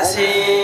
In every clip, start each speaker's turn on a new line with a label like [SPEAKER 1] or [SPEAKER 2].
[SPEAKER 1] asi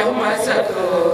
[SPEAKER 1] يوم ستور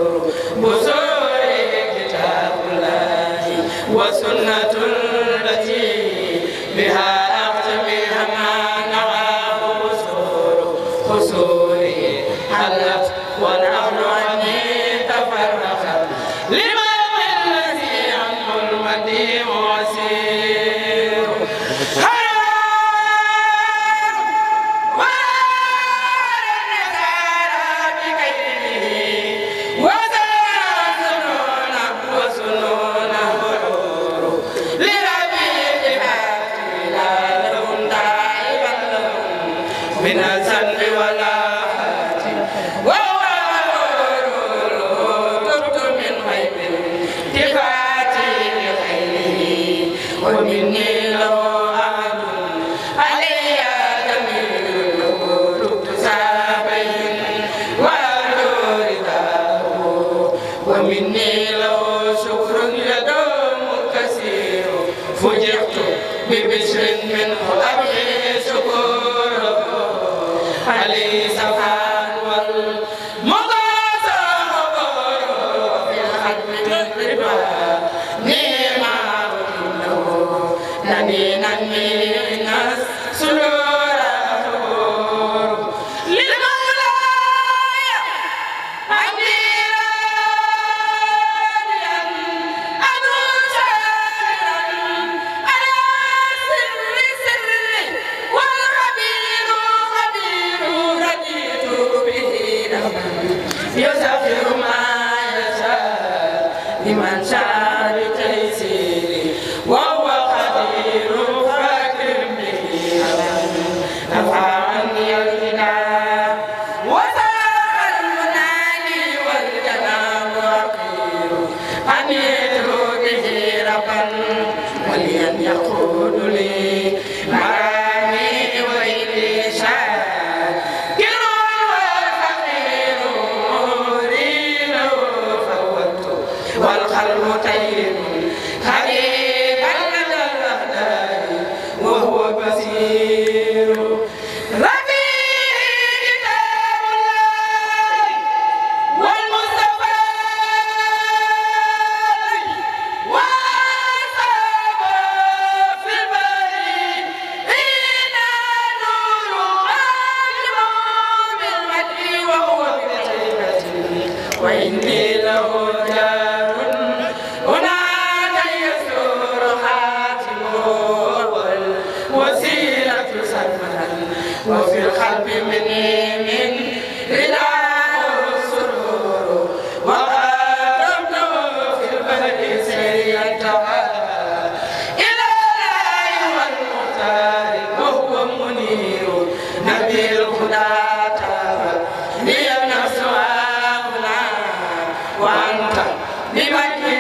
[SPEAKER 1] Anybody?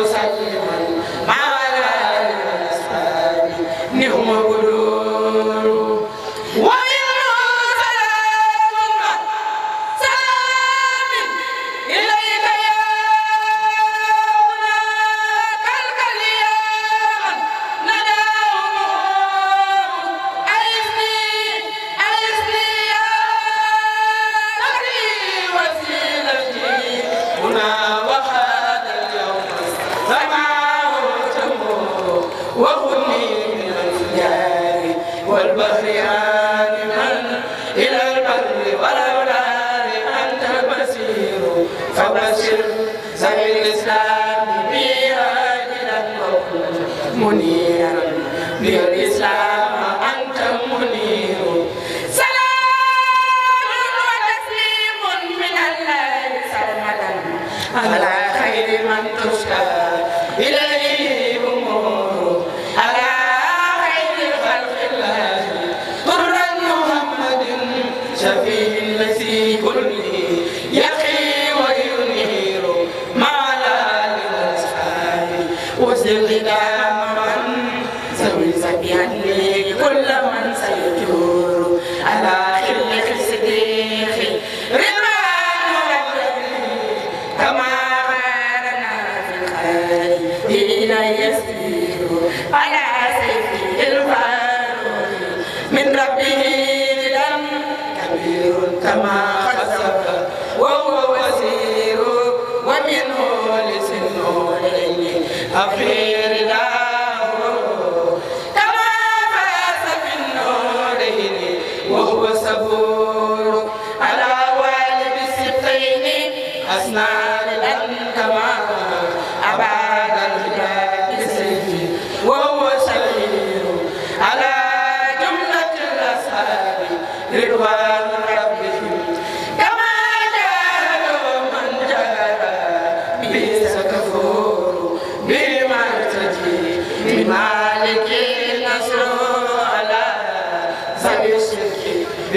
[SPEAKER 1] المسلمون إلى Bye, guys.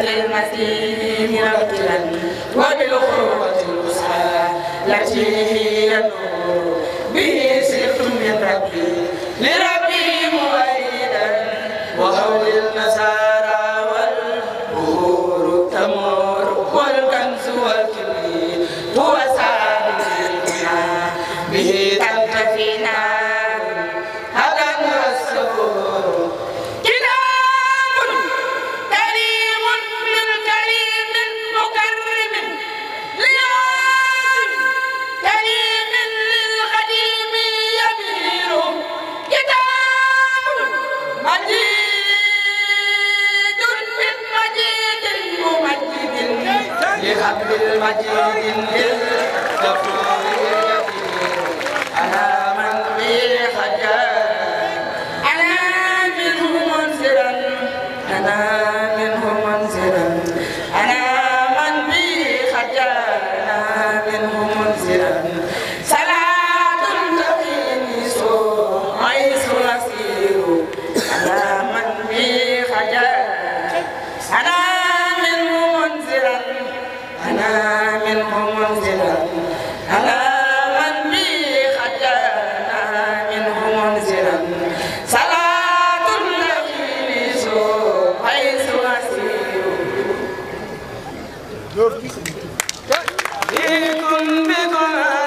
[SPEAKER 1] المسيح مبتلا وبالقوة الوسعى التي ينور به سرت من ربي لربي مجيد للغفور بكم بكم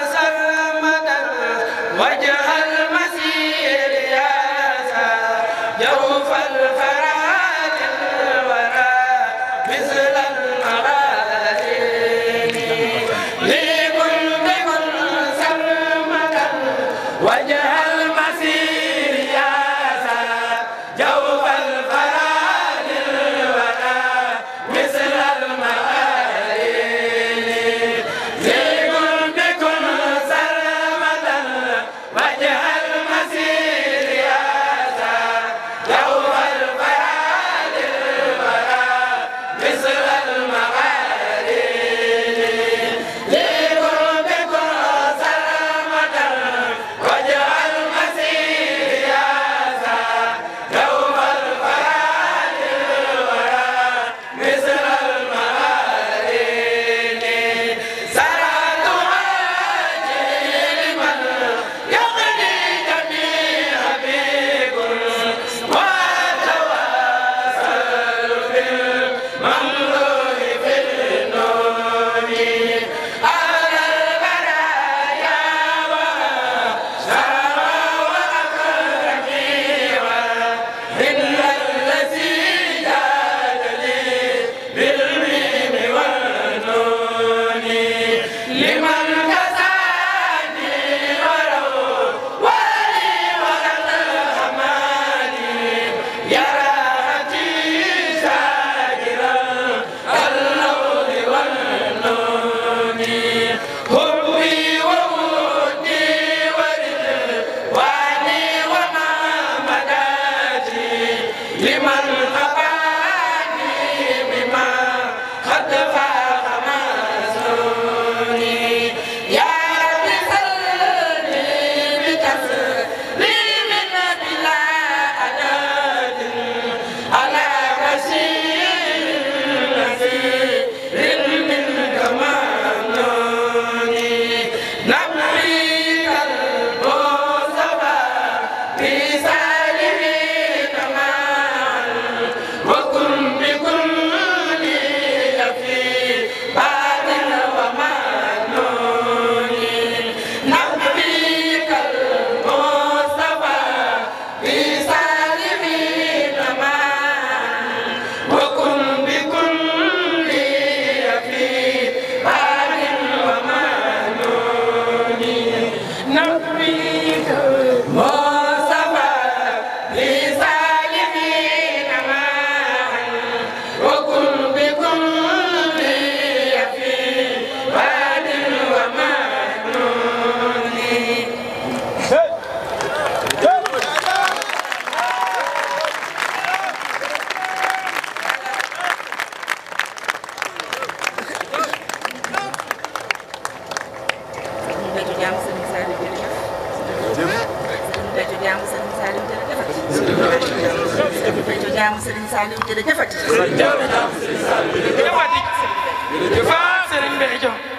[SPEAKER 1] liman Béthio jaamu Serigne Saliou jërëjëfati. Béthio jaamu Serigne Saliou jërëjëfati. Béthio jaamu Serigne Saliou jërëjëfati. jërëjëf Serigne Béthio.